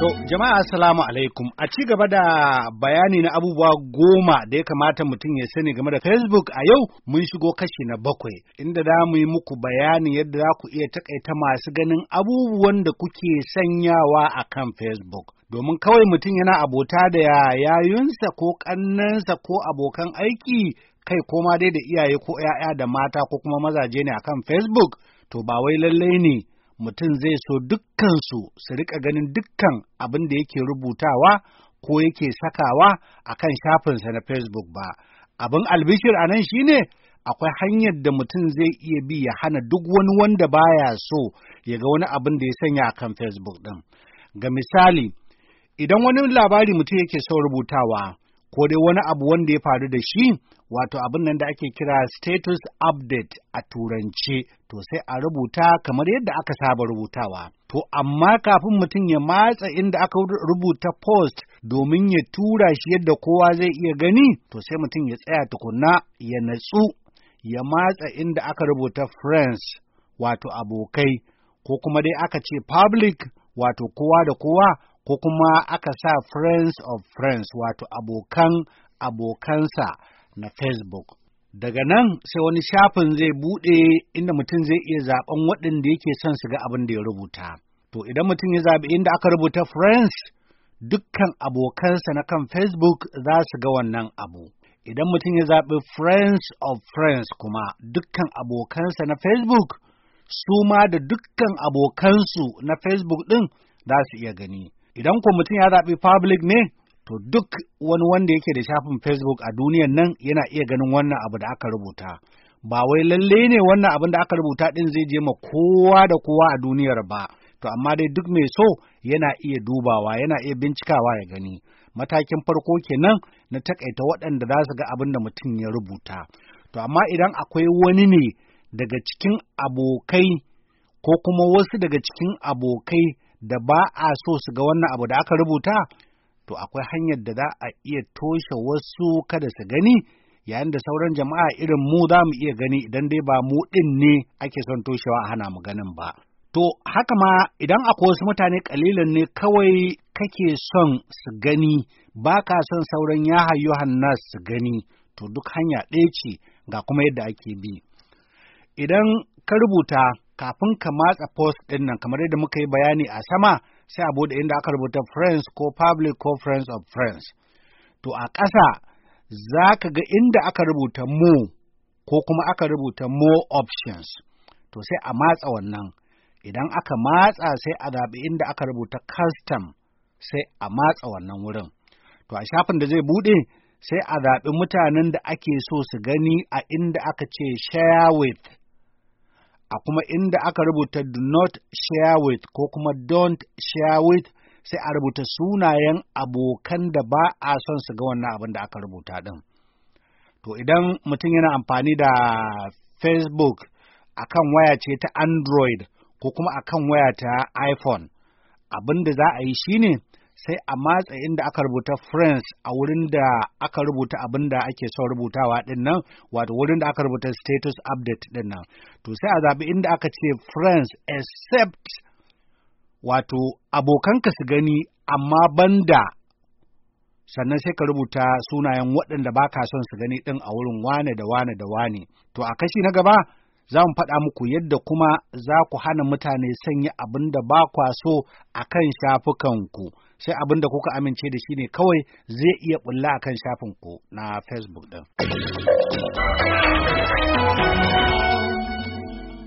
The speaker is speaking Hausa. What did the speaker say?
To jama'a assalamu alaikum a ci gaba da bayani na abubuwa goma da ya kamata mutum ya sani game da Facebook a yau mun shigo kashi na bakwai inda za mu yi muku bayani yadda za ku iya takaita masu ganin abubuwan da kuke sanyawa a kan Facebook. domin kawai mutum yana abota da yayunsa ko ƙannansa ko abokan aiki kai koma dai da iyaye ko ‘ya'ya da mata ko kuma mazaje ne akan Facebook to ba wai lallai ne mutum zai so dukkansu su rika ganin dukkan abin da yake rubutawa ko yake sakawa a kan shafinsa na Facebook ba. Abin albishir a nan shine akwai hanyar da mutum zai iya bi ya hana duk wani wanda baya so ya ga wani abin da ya sanya a kan Facebook ɗin. Ga misali, idan wani labari mutum yake so rubutawa, ko dai wani abu wanda ya faru da shi wato abin nan da ake kira status update a turance to sai a rubuta kamar yadda aka saba rubutawa. To amma kafin mutum ya matsa inda aka rubuta post domin ya tura shi yadda kowa zai iya gani to sai mutum ya tsaya tukunna ya natsu ya matsa inda aka rubuta friends wato abokai ko kuma dai aka ce public wato kowa da kowa ko kuma aka sa friends of friends wato abokan abokansa na facebook daga nan sai wani shafin zai bude inda mutum zai iya zaben waɗanda yake son su ga abin da ya rubuta to idan mutum ya zaɓi inda aka rubuta friends dukkan abokansa na kan facebook za su ga wannan abu idan mutum ya zaɓi friends of friends kuma dukkan abokansa na facebook su ma da dukkan abokansu na facebook ɗin za su iya gani Idan ko mutum ya zaɓi public ne, to duk wani wanda yake da shafin Facebook a duniyan nan yana iya ganin wannan abu da aka rubuta. Ba wai lalle ne wannan abin da aka rubuta ɗin zai je ma kowa da kowa a duniyar ba. To amma dai duk mai so yana iya dubawa, yana iya bincikawa ya gani. Matakin farko kenan na takaita waɗanda za su ga abin da mutum ya rubuta. To amma idan akwai wani ne daga cikin abokai ko kuma wasu daga cikin abokai da ba a so su ga wannan abu da aka rubuta to akwai hanyar da za a iya toshe wasu kada su gani yayin da sauran jama'a irin mu za mu iya gani idan dai ba mu ɗin ne ake son toshewa a hana mu ganin ba. To haka ma idan akwai wasu mutane ƙalilan ne kawai kake son su gani ba ka son sauran ya Yohannas su gani to duk hanya ɗaya ce ga kuma yadda ake bi. Idan ka rubuta kafin ka matsa post ɗin nan kamar yadda muka yi bayani a sama sai a bude inda aka rubuta friends ko public ko friends of friends to a ƙasa za ka ga inda aka rubuta mu ko kuma aka rubuta more options to sai a matsa wannan idan aka matsa sai a zaɓi inda aka rubuta custom sai a matsa wannan wurin to a shafin da zai buɗe sai a zaɓi mutanen da ake so su gani a inda aka ce share with a kuma inda aka rubuta do not share with ko kuma don't share with sai a rubuta sunayen abokan da ba a son su ga wannan abin da aka rubuta ɗin. To idan mutum yana amfani da Facebook akan waya ce ta Android ko kuma akan waya ta iPhone, abin da za a yi shine sai a matse inda aka rubuta France a wurin da aka rubuta abin da ake son rubutawa din nan wato wurin da aka rubuta status update din nan to sai a zabi inda aka ce France except wato abokanka su gani amma banda sannan sai ka rubuta sunayen waɗanda ba ka son su gani ɗin a wurin wane da wane da wane to a kashi na gaba za mu faɗa muku yadda kuma za ku hana mutane sanya abin da ba kwa so a kan shafukanku, sai abin da kuka amince da shi ne kawai zai iya bulla a kan shafinku na Facebook ɗin.